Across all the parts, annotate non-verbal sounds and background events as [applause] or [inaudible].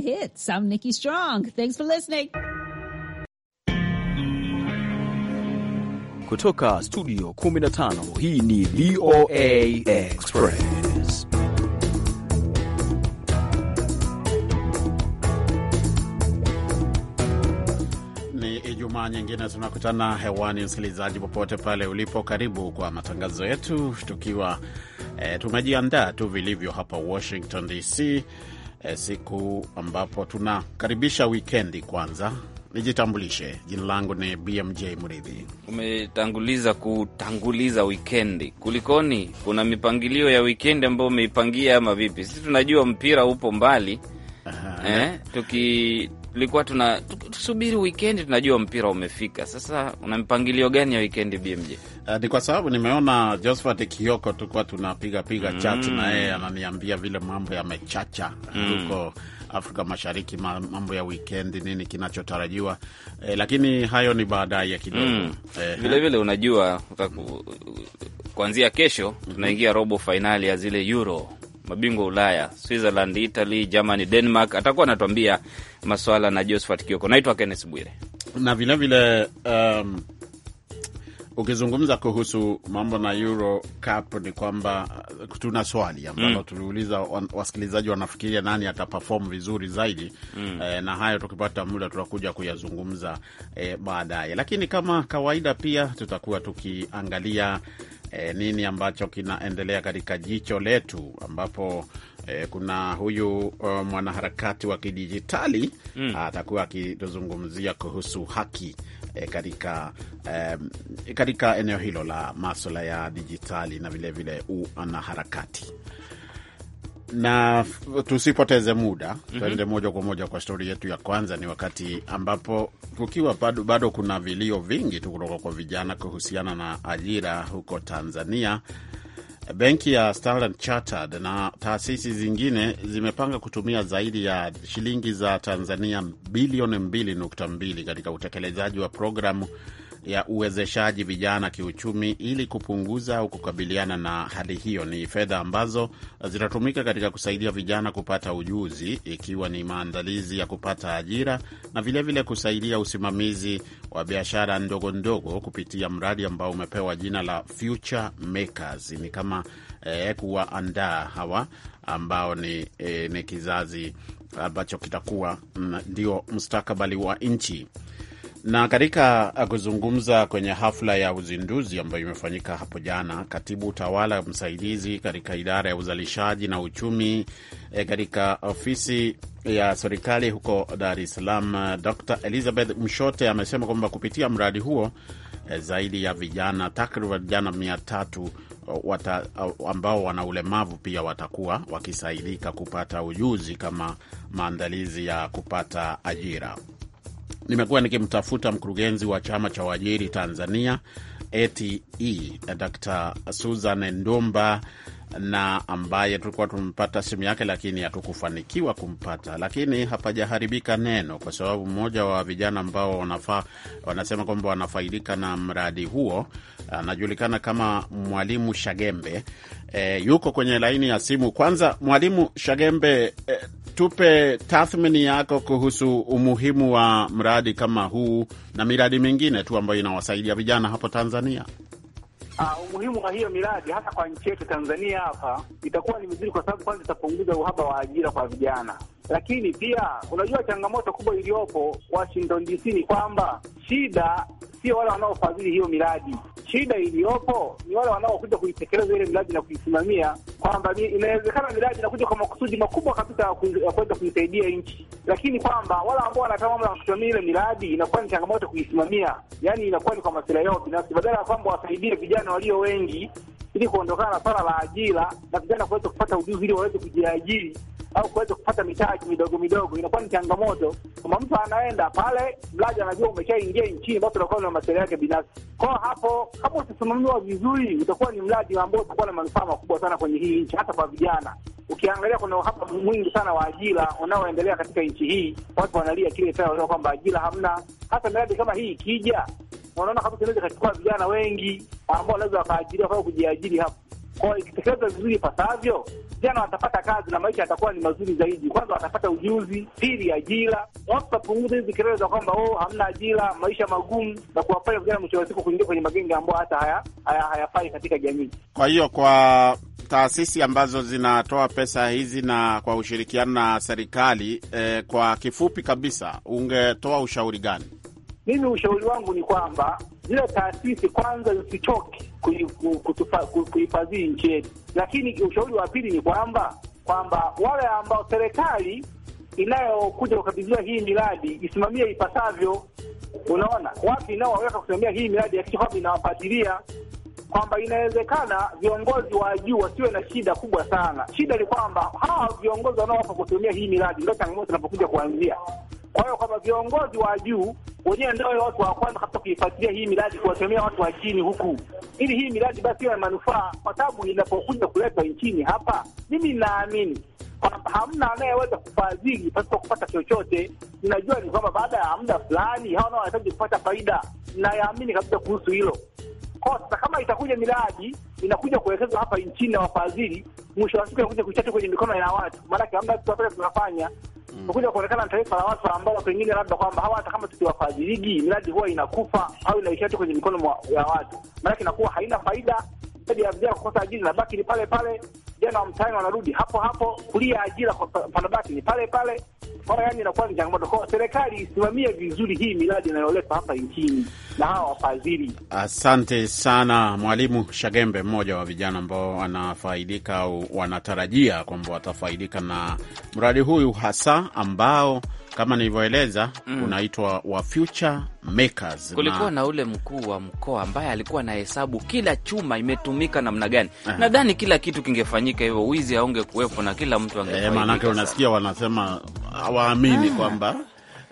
hits. I'm Nikki Strong. Thanks for listening. Kutoka studio 15 hii ni VOA Express. Ni Ijumaa nyingine tunakutana hewani, msikilizaji, popote pale ulipo, karibu kwa matangazo yetu tukiwa eh, tumejiandaa tu vilivyo hapa Washington DC Eh, siku ambapo tunakaribisha wikendi. Kwanza nijitambulishe, jina langu ni BMJ Mridhi. Umetanguliza kutanguliza wikendi, kulikoni? Kuna mipangilio ya wikendi ambayo umeipangia ama vipi? Sisi tunajua mpira upo mbali. Aha, eh, tuki tulikuwa tuna tusubiri wikendi, tunajua mpira umefika. Sasa una mpangilio gani ya wikendi BMJ? Uh, eh, ni kwa sababu nimeona Josphat Kioko tukuwa tunapiga piga mm. chat na yeye ananiambia vile mambo yamechacha mm. huko mm. Afrika Mashariki, mambo ya wikendi, nini kinachotarajiwa eh, lakini hayo ni baadaye kidogo mm. eh, vilevile eh. unajua kuanzia kesho mm -hmm. tunaingia robo fainali ya zile Euro mabingwa Ulaya, Switzerland, Italy, Germany, Denmark. Atakuwa anatuambia maswala na Josephat Kioko. Naitwa Kenneth Bwire na vilevile vile, um, ukizungumza kuhusu mambo na Euro Cup ni kwamba tuna swali ambalo mm. tuliuliza wasikilizaji wanafikiria nani ataperform vizuri zaidi mm. E, na hayo tukipata muda tutakuja kuyazungumza e, baadaye, lakini kama kawaida pia tutakuwa tukiangalia e, nini ambacho kinaendelea katika jicho letu ambapo e, kuna huyu e, mwanaharakati wa kidijitali mm. atakuwa akituzungumzia kuhusu haki e, katika e, katika eneo hilo la maswala ya dijitali na vilevile uanaharakati vile na tusipoteze muda mm -hmm. Tuende moja kwa moja kwa stori yetu ya kwanza. Ni wakati ambapo kukiwa bado, bado kuna vilio vingi tu kutoka kwa vijana kuhusiana na ajira huko Tanzania. Benki ya Standard Chartered na taasisi zingine zimepanga kutumia zaidi ya shilingi za Tanzania bilioni 2.2 katika utekelezaji wa programu ya uwezeshaji vijana kiuchumi ili kupunguza au kukabiliana na hali hiyo. Ni fedha ambazo zitatumika katika kusaidia vijana kupata ujuzi, ikiwa ni maandalizi ya kupata ajira na vilevile vile kusaidia usimamizi wa biashara ndogo ndogo kupitia mradi ambao umepewa jina la Future Makers. Ni kama eh, kuwaandaa hawa ambao ni, eh, ni kizazi ambacho kitakuwa mm, ndio mustakabali wa nchi. Na katika uh, kuzungumza kwenye hafla ya uzinduzi ambayo imefanyika hapo jana, katibu utawala msaidizi katika idara ya uzalishaji na uchumi e, katika ofisi ya serikali huko Dar es Salaam, uh, Dr Elizabeth Mshote amesema kwamba kupitia mradi huo e, zaidi ya vijana takriban vijana mia tatu uh, Wata, ambao wana ulemavu pia watakuwa wakisaidika kupata ujuzi kama maandalizi ya kupata ajira nimekuwa nikimtafuta mkurugenzi wa chama cha waajiri Tanzania ATE Dr. Susan Ndumba na ambaye tulikuwa tumepata simu yake, lakini hatukufanikiwa kumpata, lakini hapajaharibika neno, kwa sababu mmoja wa vijana ambao wanafa, wanasema kwamba wanafaidika na mradi huo anajulikana kama Mwalimu Shagembe. E, yuko kwenye laini ya simu. Kwanza Mwalimu Shagembe, e, tupe tathmini yako kuhusu umuhimu wa mradi kama huu na miradi mingine tu ambayo inawasaidia vijana hapo Tanzania. Uh, umuhimu wa hiyo miradi hasa kwa nchi yetu Tanzania hapa itakuwa ni mizuri kwa sababu kwanza itapunguza uhaba wa ajira kwa vijana, lakini pia unajua changamoto kubwa iliyopo Washington DC ni kwamba shida sio wale wanaofadhili hiyo miradi, Shida iliyopo ni wale wanaokuja kuitekeleza ile miradi na kuisimamia, kwamba inawezekana miradi inakuja kwa makusudi makubwa kabisa ya kuweza kuisaidia nchi, lakini kwamba wale ambao wanapewa mamlaka kusimamia ile miradi inakuwa ni changamoto kuisimamia, yaani inakuwa ni kwa masilahi yao binafsi, badala ya kwamba wasaidie vijana walio wengi ili kuondokana na swala la ajira na vijana kuweza kupata ujuzi ili waweze kujiajiri au kuweza kupata mitaji midogo midogo, inakuwa ni changamoto kama mtu anaenda pale mlaji anajua umeshaingia nchini, basi utakuwa na masuala yake binafsi. Kwa hapo, kama utasimamiwa vizuri, utakuwa ni mlaji ambao utakuwa na manufaa makubwa sana kwenye hii nchi, hata kwa vijana. Ukiangalia kuna uhaba mwingi sana wa ajira unaoendelea katika nchi hii, watu wanalia kile tao kwamba ajira hamna. Hata miradi kama hii ikija, unaona kabisa inaweza ikachukua vijana wengi ambao wanaweza wakaajiriwa au kujiajiri hapo kwao. Ikitekeleza vizuri ipasavyo, vijana watapata kazi na maisha yatakuwa ni mazuri zaidi. Kwanza watapata ujuzi, pili ajira. Watu watapunguza hizi kelele za kwamba oh, hamna ajira, maisha magumu, na kuwafanya vijana mwisho wa siku kuingia kwenye magenge ambayo hata hayafai haya, haya katika jamii. Kwa hiyo kwa taasisi ambazo zinatoa pesa hizi na kwa ushirikiano na serikali eh, kwa kifupi kabisa, ungetoa ushauri gani? Mimi ushauri wangu ni kwamba zile taasisi kwanza zisichoke kuhifadhii nchi yetu. Lakini ushauri wa pili ni kwamba kwamba wale ambao serikali inayokuja kukabidhiwa hii miradi isimamie ipasavyo. Unaona watu inaowaweka kusimamia hii miradi ya kwamba inawafatilia kwamba inawezekana viongozi wa juu wasiwe na shida kubwa sana. Shida ni kwamba hawa viongozi wanaowapa kusimamia hii miradi ndio changamoto inapokuja kuanzia. Kwa hiyo kwamba viongozi wa juu wenyewe ndio watu wa kwanza katika kuifuatilia hii miradi, kuwasemea watu wa chini huku, ili hii miradi basi iwe ya manufaa, kwa sababu inapokuja kuletwa nchini hapa, mimi naamini kwamba hamna anayeweza kufadhili pasipo kupata chochote. Ninajua ni kwamba baada ya muda fulani hao nao wanahitaji kupata faida, nayaamini kabisa kuhusu hilo. Kwa sasa kama itakuja miradi inakuja kuwekezwa hapa nchini na wafadhili, mwisho wa siku inakuja kuchati kwenye mikono ya watu, maanake hamna tunafanya Mm. kuja kuonekana na taifa la watu ambao pengine labda kwamba hawa hata kama tukiwafajirigi miradi huwa inakufa au inaishia tu kwenye mikono ya watu, maanake inakuwa haina faida. ya vijana kukosa ajira na baki ni pale pale, vijana wa mtaani wanarudi hapo hapo kulia ajira kwa mkandarasi ni pale pale. Kwa yani inakuwa ni changamoto kwa serikali, isimamie vizuri hii miradi inayoletwa hapa nchini na hawa wafadhili. Asante sana Mwalimu Shagembe, mmoja wa vijana ambao wanafaidika au wanatarajia kwamba watafaidika na mradi huyu hasa ambao kama nilivyoeleza mm. unaitwa wa future makers. Kulikuwa na ule mkuu wa mkoa ambaye alikuwa na hesabu kila chuma imetumika namna gani. Nadhani kila kitu kingefanyika hivyo, wizi aonge kuwepo na kila mtu eh, angefaidika. E, maanake unasikia wanasema hawaamini ah. kwamba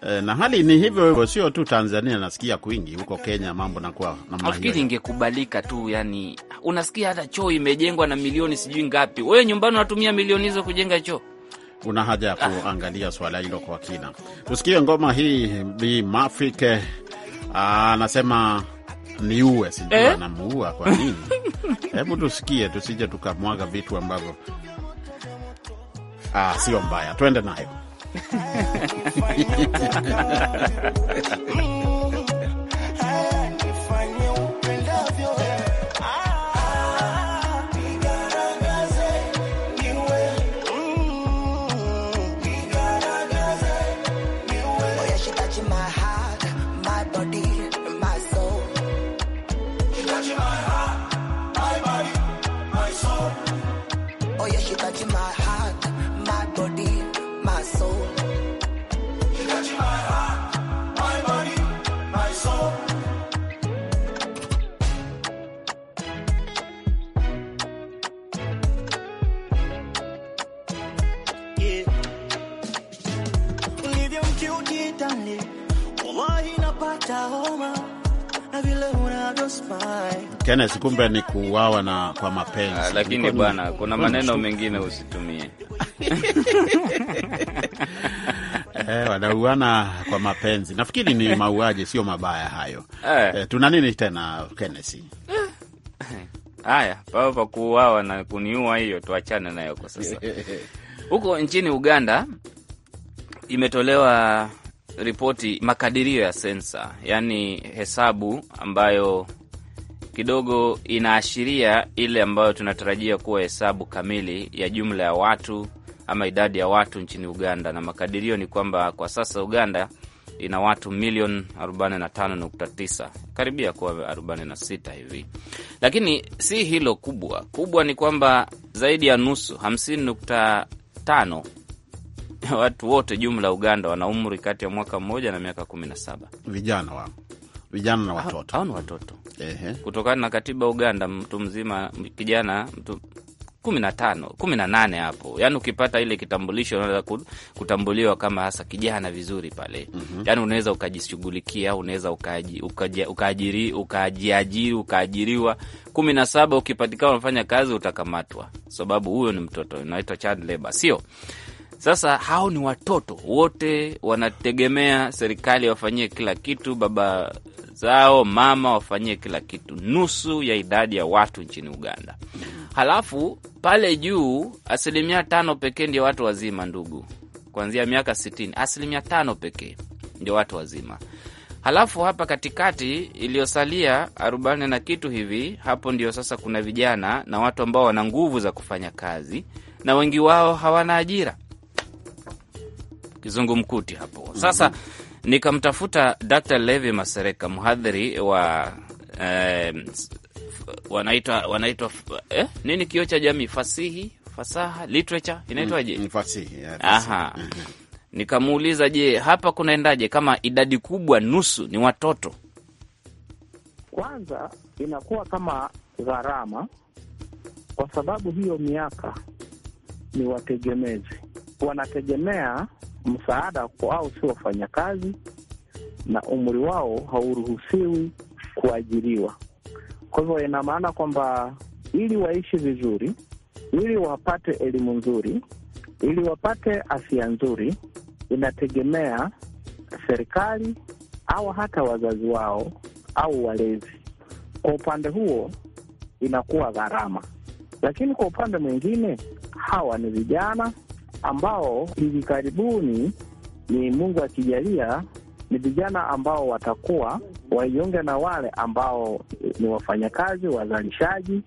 eh, na hali ni hivyo hivyo, sio tu Tanzania, nasikia kwingi huko Kenya mambo nakuwa namna hiyo. Nafikiri tu, yani unasikia hata choo imejengwa na milioni sijui ngapi, wewe nyumbani unatumia milioni hizo kujenga choo una haja ya kuangalia swala hilo kwa kina. Tusikie ngoma hii. Bi Mafike eh, anasema niue, sijui eh, anamuua kwa nini? [laughs] Hebu tusikie, tusije tukamwaga vitu ambavyo ah, sio mbaya. Twende nayo [laughs] Kenneth, kumbe ni kuuawa na kwa mapenzi. Ah, lakini bwana, kuna maneno mengine usitumie [laughs] Eh, wanauana kwa mapenzi. Nafikiri ni mauaji, sio mabaya hayo. Eh, eh tuna nini tena Kenneth? [laughs] Haya, pao pa kuuawa na kuniua, hiyo tuachane nayo kwa sasa. [laughs] Huko nchini Uganda imetolewa ripoti, makadirio ya sensa, yaani hesabu ambayo kidogo inaashiria ile ambayo tunatarajia kuwa hesabu kamili ya jumla ya watu ama idadi ya watu nchini Uganda, na makadirio ni kwamba kwa sasa Uganda ina watu milioni 45.9 karibia kuwa 46 hivi, lakini si hilo kubwa. Kubwa ni kwamba zaidi ya nusu 50.5 [laughs] watu wote jumla Uganda wana umri kati ya mwaka mmoja na miaka 17. Vijana wa vijana na watoto, hao ni watoto Kutokana na katiba Uganda, mtu mzima kijana mtu kumi na tano kumi na nane hapo, yaani ukipata ile kitambulisho unaweza kutambuliwa kama hasa kijana vizuri pale. mm -hmm. Yaani unaweza ukajishughulikia, unaweza ukajiajiri, ukajiajiri, ukaajiriwa. kumi na saba ukipatikana unafanya kazi utakamatwa, sababu huyo ni mtoto, unaitwa child labor, sio sasa hao ni watoto wote, wanategemea serikali wafanyie kila kitu, baba zao mama wafanyie kila kitu, nusu ya idadi ya watu nchini Uganda. Halafu pale juu asilimia tano pekee ndio watu wazima, ndugu, kuanzia miaka sitini, asilimia tano pekee ndio watu wazima. Halafu hapa katikati iliyosalia arobaini na kitu hivi, hapo ndio sasa kuna vijana na watu ambao wana nguvu za kufanya kazi, na wengi wao hawana ajira kizungumkuti hapo. Sasa nikamtafuta Dr. Levi Masereka, mhadhiri wa eh, wanaitwa wanaitwa eh, nini kio cha jamii fasihi fasaha literature inaitwaje? mm, fasihi, yeah, fasihi. Nikamuuliza, je, hapa kunaendaje kama idadi kubwa nusu ni watoto? Kwanza inakuwa kama gharama, kwa sababu hiyo miaka ni wategemezi, wanategemea msaada kwao si wafanyakazi, na umri wao hauruhusiwi kuajiriwa. Kwa hivyo ina maana kwamba ili waishi vizuri, ili wapate elimu nzuri, ili wapate afya nzuri, inategemea serikali au hata wazazi wao au walezi. Kwa upande huo inakuwa gharama, lakini kwa upande mwingine hawa ni vijana ambao hivi karibuni ni Mungu akijalia ni vijana ambao watakuwa waiunge na wale ambao ni wafanyakazi wazalishaji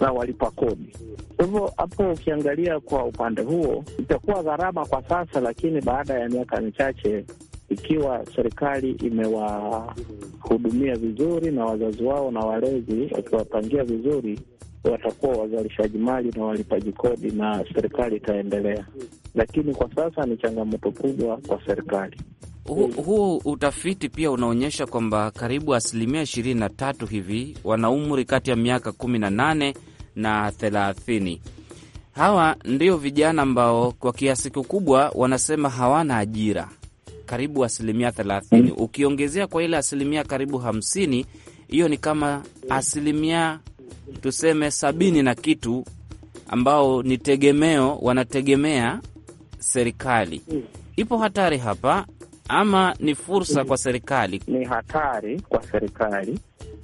na walipa kodi. Kwa hivyo hapo, ukiangalia kwa upande huo, itakuwa gharama kwa sasa, lakini baada ya miaka michache, ikiwa serikali imewahudumia vizuri na wazazi wao na walezi wakiwapangia vizuri watakuwa wazalishaji mali na walipaji kodi, na serikali itaendelea, lakini kwa sasa ni changamoto kubwa kwa serikali. Huu hu, utafiti pia unaonyesha kwamba karibu asilimia ishirini na tatu hivi wana umri kati ya miaka kumi na nane na thelathini. Hawa ndio vijana ambao kwa kiasi kikubwa wanasema hawana ajira, karibu asilimia thelathini. Mm. Ukiongezea kwa ile asilimia karibu hamsini, hiyo ni kama asilimia tuseme sabini na kitu ambao ni tegemeo, wanategemea serikali. Hmm. Ipo hatari hapa ama ni fursa kwa serikali? Ni hatari kwa serikali,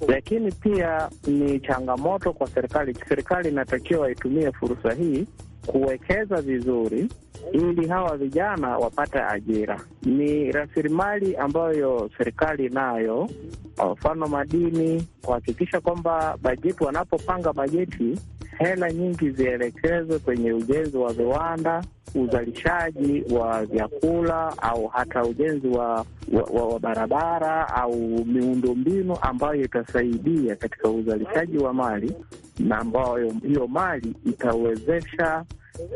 lakini pia ni changamoto kwa serikali. Serikali inatakiwa itumie fursa hii kuwekeza vizuri ili hawa vijana wapate ajira. Ni rasilimali ambayo serikali inayo, kwa mfano madini, kuhakikisha kwamba bajeti, wanapopanga bajeti, hela nyingi zielekezwe kwenye ujenzi wa viwanda, uzalishaji wa vyakula, au hata ujenzi wa, wa, wa barabara au miundombinu ambayo itasaidia katika uzalishaji wa mali na ambayo hiyo mali itawezesha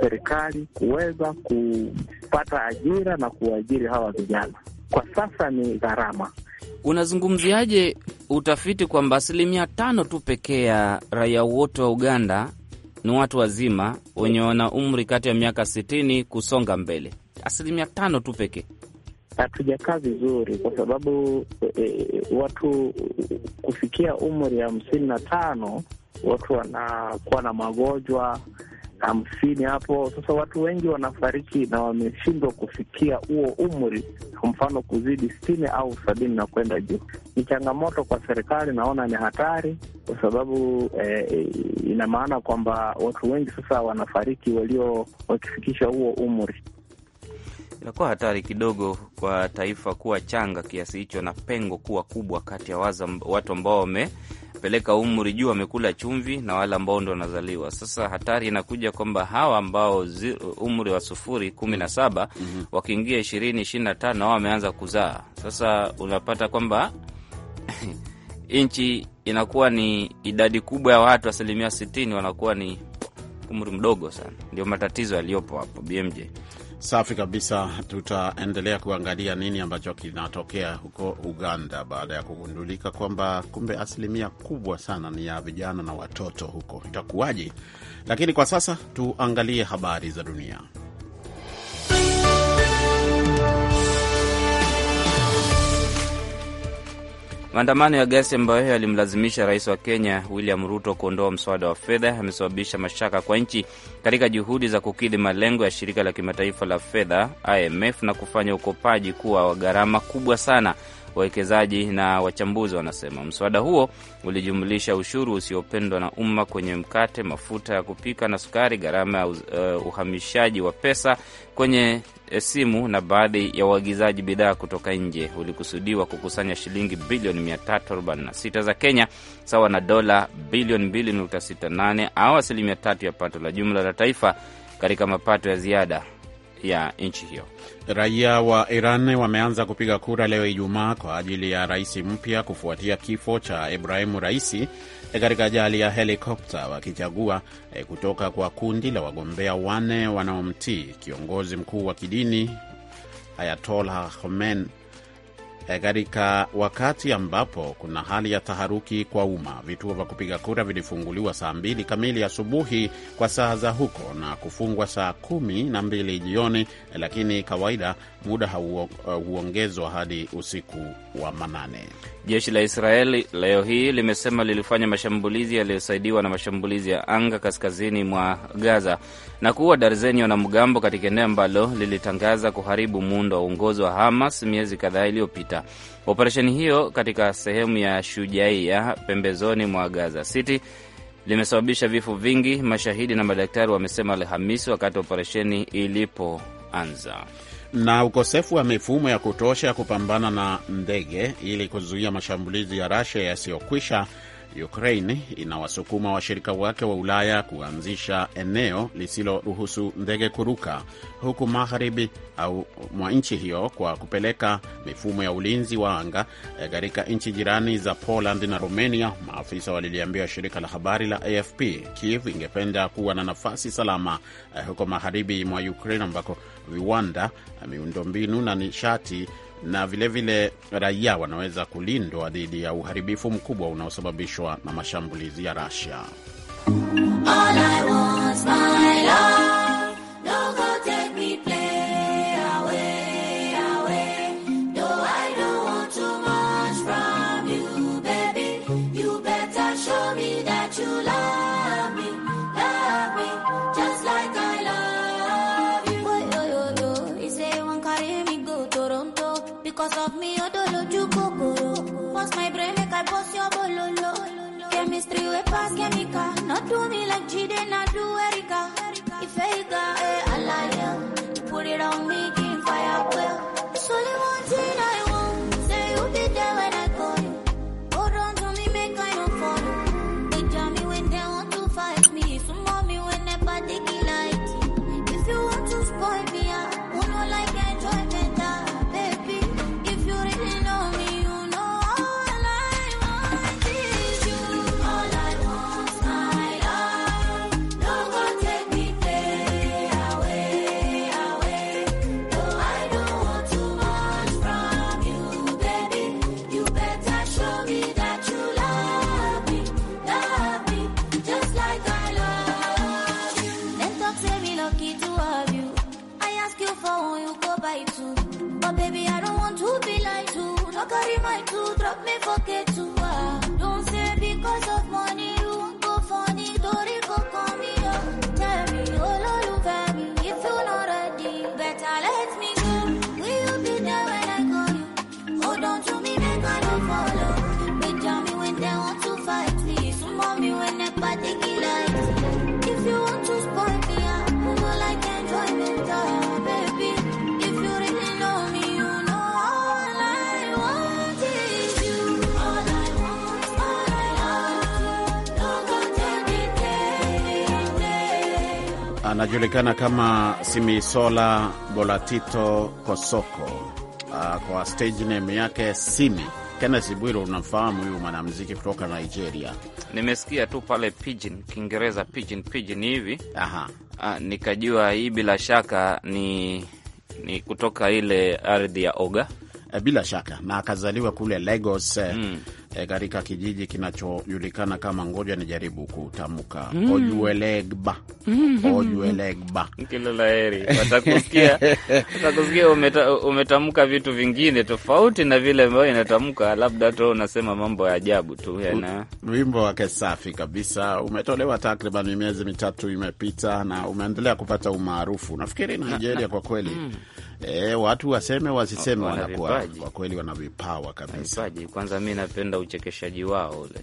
serikali kuweza kupata ajira na kuajiri hawa vijana. Kwa sasa ni gharama. Unazungumziaje utafiti kwamba asilimia tano tu pekee ya raia wote wa Uganda ni watu wazima wenye wana umri kati ya miaka sitini kusonga mbele, asilimia tano tu pekee hatujakaa vizuri, kwa sababu e, e watu kufikia umri hamsini na tano watu wanakuwa na magonjwa hamsini hapo. Sasa watu wengi wanafariki na wameshindwa kufikia huo umri, kwa mfano kuzidi sitini au sabini na kwenda juu. Ni changamoto kwa serikali, naona ni hatari kwa sababu eh, ina maana kwamba watu wengi sasa wanafariki walio wakifikisha huo umri inakuwa hatari kidogo kwa taifa kuwa changa kiasi hicho na pengo kuwa kubwa kati ya watu ambao wamepeleka umri juu wamekula chumvi na wale ambao ndo wanazaliwa sasa. Hatari inakuja kwamba hawa ambao umri wa sufuri kumi na saba mm -hmm. wakiingia ishirini ishirini na tano wao wameanza kuzaa sasa, unapata kwamba [laughs] nchi inakuwa ni idadi kubwa ya watu, asilimia sitini wanakuwa ni umri mdogo sana. Ndio matatizo yaliyopo hapo BMJ. Safi kabisa. Tutaendelea kuangalia nini ambacho kinatokea huko Uganda baada ya kugundulika kwamba kumbe asilimia kubwa sana ni ya vijana na watoto huko, itakuwaje? Lakini kwa sasa tuangalie habari za dunia. Maandamano ya gasi ambayo yalimlazimisha rais wa Kenya William Ruto kuondoa mswada wa fedha yamesababisha mashaka kwa nchi katika juhudi za kukidhi malengo ya shirika la kimataifa la fedha IMF na kufanya ukopaji kuwa wa gharama kubwa sana. Wawekezaji na wachambuzi wanasema mswada huo ulijumlisha ushuru usiopendwa na umma kwenye mkate, mafuta ya kupika na sukari, gharama ya uh, uhamishaji wa pesa kwenye eh, simu na baadhi ya uagizaji bidhaa kutoka nje. Ulikusudiwa kukusanya shilingi bilioni 346 za Kenya, sawa na dola bilioni 2.68 au asilimia tatu ya pato la jumla la taifa katika mapato ya ziada ya nchi hiyo. Raia wa Iran wameanza kupiga kura leo Ijumaa kwa ajili ya rais mpya kufuatia kifo cha Ibrahimu Raisi eh, katika ajali ya helikopta, wakichagua eh, kutoka kwa kundi la wagombea wane wanaomtii kiongozi mkuu wa kidini Ayatollah Khomeini E, katika wakati ambapo kuna hali ya taharuki kwa umma. Vituo vya kupiga kura vilifunguliwa saa mbili kamili asubuhi kwa saa za huko na kufungwa saa kumi na mbili jioni, lakini kawaida muda uh, huongezwa hadi usiku wa manane. Jeshi la Israeli leo hii limesema lilifanya mashambulizi yaliyosaidiwa na mashambulizi ya anga kaskazini mwa Gaza na kuua darzeni wanamgambo katika eneo ambalo lilitangaza kuharibu muundo wa uongozi wa Hamas miezi kadhaa iliyopita. Operesheni hiyo katika sehemu ya Shujaia pembezoni mwa Gaza City limesababisha vifo vingi, mashahidi na madaktari wamesema Alhamisi wakati operesheni ilipoanza na ukosefu wa mifumo ya kutosha kupambana na ndege ili kuzuia mashambulizi ya Russia yasiyokwisha Ukraine inawasukuma washirika wake wa Ulaya kuanzisha eneo lisiloruhusu ndege kuruka huku magharibi au mwa nchi hiyo kwa kupeleka mifumo ya ulinzi wa anga eh, katika nchi jirani za Poland na Romania, maafisa waliliambia shirika la habari la AFP. Kiev ingependa kuwa na nafasi salama eh, huko magharibi mwa Ukraine ambako viwanda, eh, miundombinu na nishati na vilevile vile raia wanaweza kulindwa dhidi ya uharibifu mkubwa unaosababishwa na mashambulizi ya Russia. do me like she did not do Erica. If Erica, eh, I like you. You put it on me. anajulikana kama Simisola Bolatito Kosoko uh, kwa stage name yake Simi. Kenneth Bwiro, unamfahamu huyu mwanamziki kutoka Nigeria? Nimesikia tu pale pidgin, Kiingereza pidgin pidgin hivi. Aha. Uh, nikajua hii bila shaka ni, ni kutoka ile ardhi ya Oga eh, bila shaka na akazaliwa kule Lagos eh, mm. Eh, katika kijiji kinachojulikana kama ngoja nijaribu kutamka mm. Ojuelegba mm. Mm-hmm. Ojuelegba. Kila la heri, watakusikia watakusikia umeta, umetamka vitu vingine tofauti na vile ambayo inatamka, labda tu unasema mambo ya ajabu tu. Yana wimbo wake safi kabisa, umetolewa takriban miezi mitatu imepita na umeendelea kupata umaarufu. Nafikiri Nigeria kwa kweli E, watu waseme wasiseme, wanakuwa kwa kweli wana vipawa kabisa. Kwanza mi napenda uchekeshaji wao ule,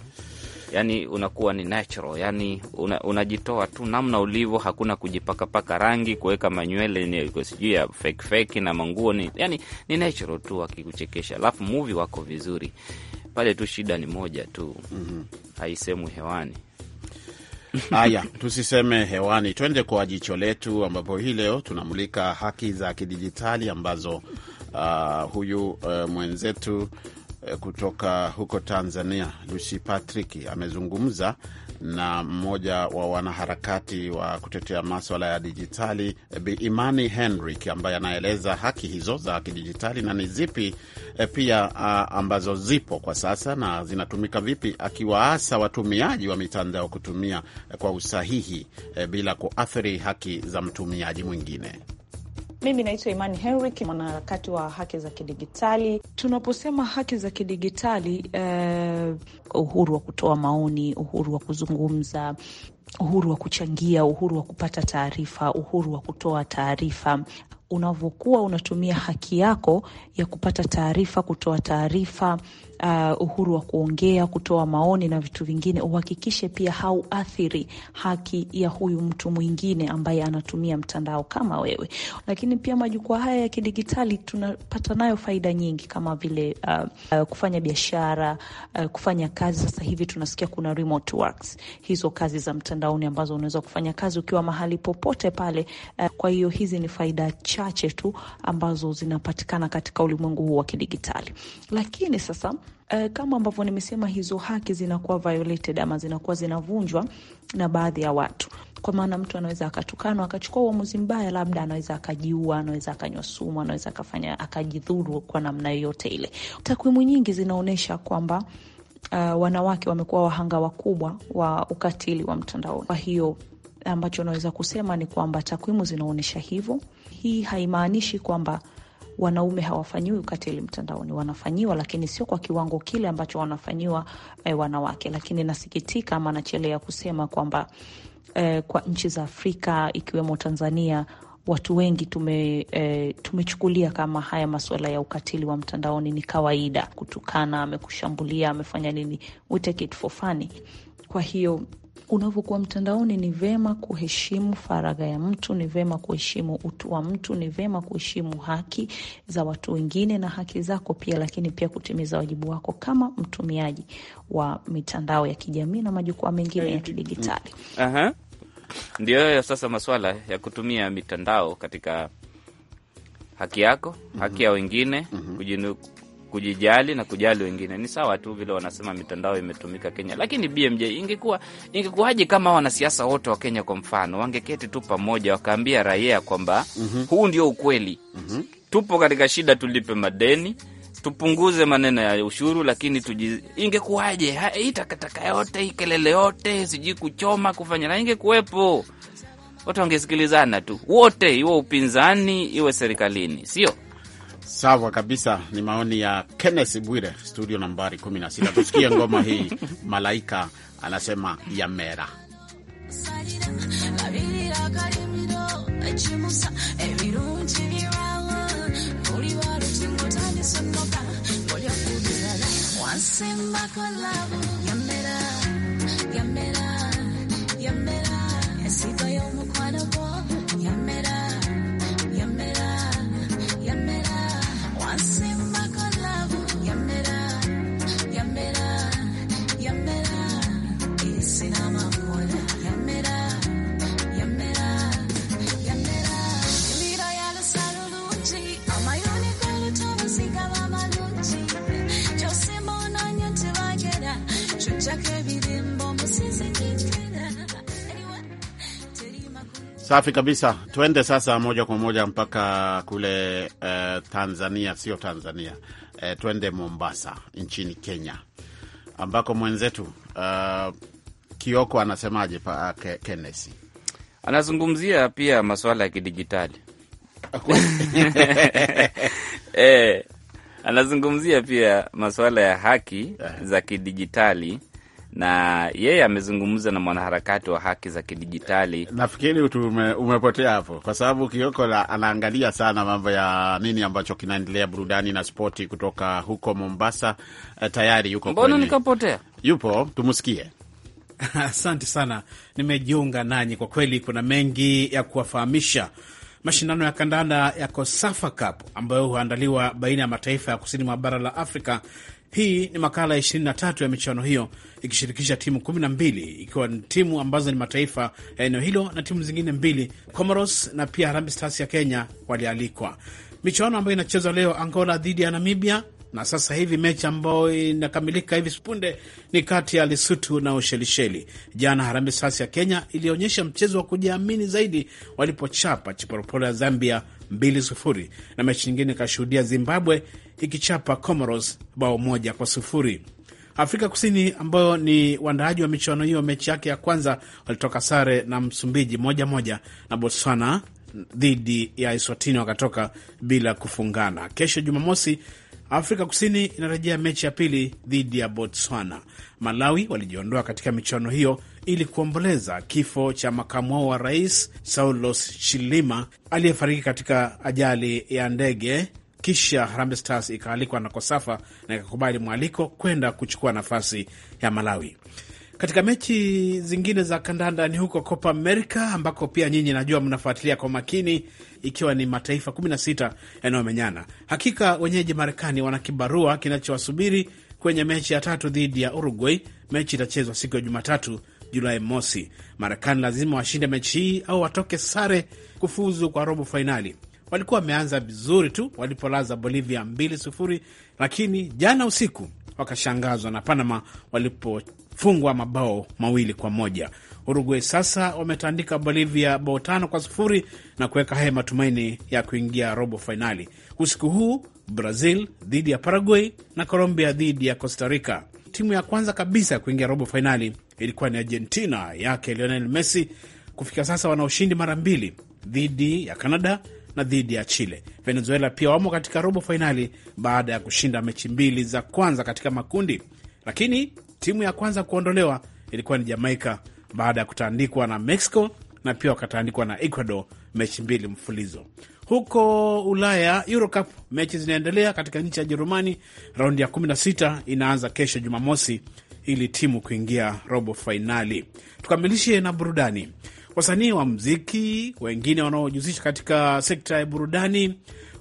yani unakuwa ni natural, yani unajitoa una tu namna ulivyo, hakuna kujipakapaka rangi, kuweka manywele ni sijui ya fake fake na manguo ni, yani ni natural tu wakikuchekesha, alafu mvi wako vizuri pale tu. Shida ni moja tu mm -hmm. haisemwi hewani. Haya, [laughs] tusiseme hewani, twende kwa jicho letu, ambapo hii leo tunamulika haki za kidijitali ambazo uh, huyu uh, mwenzetu Eh, kutoka huko Tanzania, Lucy Patrick amezungumza na mmoja wa wanaharakati wa kutetea maswala ya dijitali eh, Bi Imani Henrik ambaye anaeleza haki hizo za kidijitali na ni zipi eh, pia ambazo zipo kwa sasa na zinatumika vipi, akiwaasa watumiaji wa mitandao kutumia kwa usahihi bila kuathiri haki za mtumiaji mwingine. Mimi naitwa Imani Henrik, mwanaharakati wa haki za kidigitali. Tunaposema haki za kidigitali eh, uhuru wa kutoa maoni, uhuru wa kuzungumza uhuru wa kuchangia, uhuru wa kupata taarifa, uhuru wa kutoa taarifa. Unavyokuwa unatumia haki yako ya kupata taarifa, kutoa taarifa, uh, uhuru wa kuongea, kutoa maoni na vitu vingine, uhakikishe pia hauathiri haki ya huyu mtu mwingine ambaye anatumia mtandao kama wewe. Lakini pia majukwaa haya ya kidigitali tunapata nayo faida nyingi kama vile uh, uh, kufanya biashara uh, kufanya kazi. Sasa hivi tunasikia kuna remote works, hizo kazi za mtandaoni ambazo unaweza kufanya kazi ukiwa mahali popote pale. Uh, kwa hiyo hizi ni faida chache tu ambazo zinapatikana katika ulimwengu huu wa kidigitali, lakini sasa Uh, kama ambavyo nimesema hizo haki zinakuwa violated ama zinakuwa zinavunjwa na baadhi ya watu, kwa maana mtu anaweza akatukanwa akachukua uamuzi mbaya, labda anaweza akajiua, anaweza akanywa sumu, anaweza akafanya akajidhuru kwa namna yoyote ile. Takwimu nyingi zinaonyesha kwamba uh, wanawake wamekuwa wahanga wakubwa wa ukatili wa mtandaoni. Kwa hiyo ambacho naweza kusema ni kwamba takwimu zinaonyesha hivyo. Hii haimaanishi kwamba wanaume hawafanyiwi ukatili mtandaoni, wanafanyiwa, lakini sio kwa kiwango kile ambacho wanafanyiwa eh, wanawake. Lakini nasikitika ama nachelea kusema kwamba eh, kwa nchi za Afrika ikiwemo Tanzania watu wengi tume, e, tumechukulia kama haya masuala ya ukatili wa mtandaoni ni kawaida. Kutukana, amekushambulia, amefanya nini, we take it for Kwa hiyo unavyokuwa mtandaoni, ni vema kuheshimu faragha ya mtu, ni vema kuheshimu utu wa mtu, ni vema kuheshimu haki za watu wengine na haki zako pia, lakini pia kutimiza wajibu wako kama mtumiaji wa mitandao ya kijamii na majukwaa mengine ya eh, kidigitali Aha, ndio hayo sasa, maswala ya kutumia mitandao katika haki yako, haki ya wengine, mhm kujijali na kujali wengine. Ni sawa tu vile wanasema mitandao imetumika Kenya, lakini BMJ, ingekuwa ingekuwaje kama wanasiasa wote wa Kenya kwa mfano wangeketi tu pamoja wakaambia raia kwamba mm -hmm. huu ndio ukweli mm -hmm. tupo katika shida, tulipe madeni tupunguze maneno ya ushuru, lakini tuji... ingekuwaje? Hii takataka yote hii kelele yote sijui kuchoma kufanya na ingekuwepo, watu wangesikilizana tu wote, iwe upinzani iwe serikalini, sio? Sawa kabisa, ni maoni ya Kenneth Bwire, studio nambari 16. Tusikie ngoma hii, Malaika anasema Yamera. Safi kabisa. Tuende sasa moja kwa moja mpaka kule uh, Tanzania, sio Tanzania uh, eh, tuende Mombasa nchini Kenya ambako mwenzetu uh, Kioko anasemaje? Kennesi anazungumzia pia masuala ya kidijitali [laughs] eh, anazungumzia pia masuala ya haki za kidijitali na yeye amezungumza na mwanaharakati wa haki za kidijitali. Nafikiri ume, umepotea hapo, kwa sababu Kioko la anaangalia sana mambo ya nini ambacho kinaendelea, burudani na spoti kutoka huko Mombasa. Eh, tayari yuko mbona nikapotea, yupo, tumsikie. [laughs] Asante sana, nimejiunga nanyi. Kwa kweli kuna mengi ya kuwafahamisha. Mashindano ya kandanda ya Cosafa Cup ambayo huandaliwa baina ya mataifa ya kusini mwa bara la Afrika hii ni makala ya 23 ya michuano hiyo ikishirikisha timu 12 ikiwa ni timu ambazo ni mataifa ya eneo hilo na timu zingine mbili, Comoros na pia Harambee Stars ya Kenya walialikwa. Michuano ambayo inachezwa leo Angola dhidi ya Namibia, na sasa hivi mechi ambayo inakamilika hivi punde ni kati ya Lesotho na Ushelisheli. Jana Harambee Stars ya Kenya ilionyesha mchezo wa kujiamini zaidi walipochapa Chipolopolo ya Zambia 2-0 na mechi nyingine ikashuhudia Zimbabwe ikichapa Comoros bao moja kwa sufuri. Afrika Kusini ambayo ni waandaaji wa michuano hiyo, mechi yake ya kwanza walitoka sare na Msumbiji moja moja, na Botswana dhidi ya Eswatini wakatoka bila kufungana. Kesho Jumamosi, Afrika Kusini inarejea mechi ya pili dhidi ya Botswana. Malawi walijiondoa katika michuano hiyo ili kuomboleza kifo cha makamu wao wa rais Saulos Chilima aliyefariki katika ajali ya ndege kisha Harambee Stars ikaalikwa na Kosafa na ikakubali mwaliko kwenda kuchukua nafasi ya Malawi. Katika mechi zingine za kandanda ni huko Copa America ambako pia nyinyi najua mnafuatilia kwa makini, ikiwa ni mataifa 16 yanayomenyana. Hakika wenyeji Marekani wana kibarua kinachowasubiri kwenye mechi ya tatu dhidi ya Uruguay. Mechi itachezwa siku ya Jumatatu, Julai mosi. Marekani lazima washinde mechi hii au watoke sare kufuzu kwa robo fainali walikuwa wameanza vizuri tu walipolaza Bolivia mbili sufuri, lakini jana usiku wakashangazwa na Panama walipofungwa mabao mawili kwa moja. Uruguay sasa wametandika Bolivia bao tano kwa sufuri na kuweka haya matumaini ya kuingia robo fainali. Usiku huu Brazil dhidi ya Paraguay na Colombia dhidi ya Costa Rica. Timu ya kwanza kabisa ya kuingia robo fainali ilikuwa ni Argentina yake Lionel Messi. Kufikia sasa wana ushindi mara mbili dhidi ya Canada na dhidi ya Chile. Venezuela pia wamo katika robo fainali baada ya kushinda mechi mbili za kwanza katika makundi, lakini timu ya kwanza kuondolewa ilikuwa ni Jamaika baada ya kutandikwa na Mexico na pia wakatandikwa na Ecuador mechi mbili mfulizo. Huko Ulaya, Eurocup mechi zinaendelea katika nchi ya Jerumani. Raundi ya 16 inaanza kesho Jumamosi ili timu kuingia robo fainali. Tukamilishe na burudani. Wasanii wa mziki wengine wanaojihusisha katika sekta ya burudani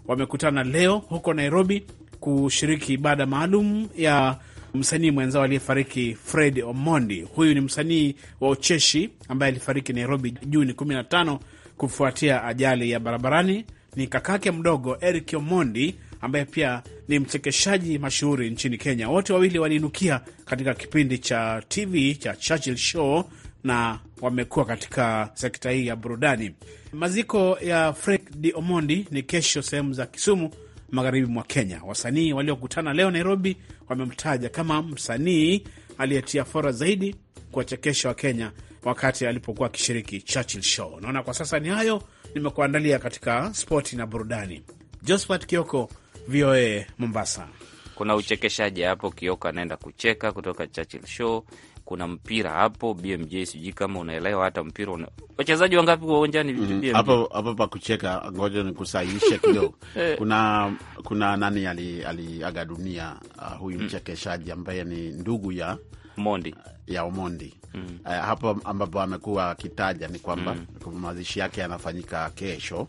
wamekutana leo huko Nairobi kushiriki ibada maalum ya msanii mwenzao aliyefariki Fred Omondi. Huyu ni msanii wa ucheshi ambaye alifariki Nairobi Juni 15 kufuatia ajali ya barabarani. Ni kakake mdogo Eric Omondi ambaye pia ni mchekeshaji mashuhuri nchini Kenya. Wote wawili waliinukia katika kipindi cha TV cha Churchill Show na wamekuwa katika sekta hii ya burudani. Maziko ya fre D Omondi ni kesho sehemu za Kisumu, magharibi mwa Kenya. Wasanii waliokutana leo Nairobi wamemtaja kama msanii aliyetia fora zaidi kuwachekesha wa Kenya wakati alipokuwa akishiriki Churchill Show. Naona kwa sasa ni hayo nimekuandalia katika spoti na burudani. Josphat Kioko, VOA Mombasa. Kuna uchekeshaji hapo, Kioko anaenda kucheka kutoka Churchill Show kuna mpira hapo BMJ, sijui kama unaelewa hata mpira una... wachezaji wangapi kwa uwanjani mm-hmm. hapo hapo? Pa kucheka, ngoja nikusahihishe kidogo [laughs] eh. kuna kuna nani aliaga ali dunia uh, huyu mm. mchekeshaji ambaye ni ndugu ya Mondi ya Omondi mm. Uh, hapo ambapo amekuwa akitaja ni kwamba mm. mazishi yake yanafanyika kesho.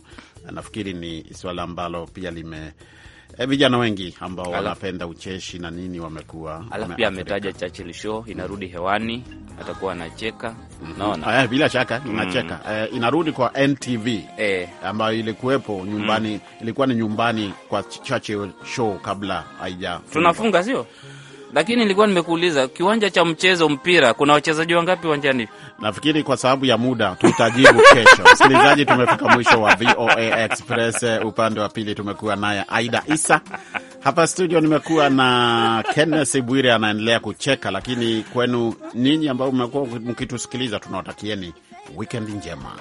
Nafikiri ni swala ambalo pia lime E, vijana wengi ambao wanapenda ucheshi na nini wamekuwa, alafu pia ametaja Churchill Show inarudi hewani, atakuwa anacheka mhm. naona. mm eh, -hmm. Bila shaka mm. tunacheka. mm -hmm. E, inarudi kwa NTV e, eh. ambayo ilikuwepo nyumbani. mm -hmm. Ilikuwa ni nyumbani kwa Churchill Show kabla haija, tunafunga sio lakini nilikuwa nimekuuliza kiwanja cha mchezo mpira kuna wachezaji wangapi uwanjani? Nafikiri kwa sababu ya muda tutajibu kesho. [laughs] Msikilizaji, tumefika mwisho wa VOA Express. Upande wa pili tumekuwa naye Aida Isa hapa studio, nimekuwa na Kenneth Bwire anaendelea kucheka, lakini kwenu ninyi ambao mmekuwa mkitusikiliza tunawatakieni wikendi njema.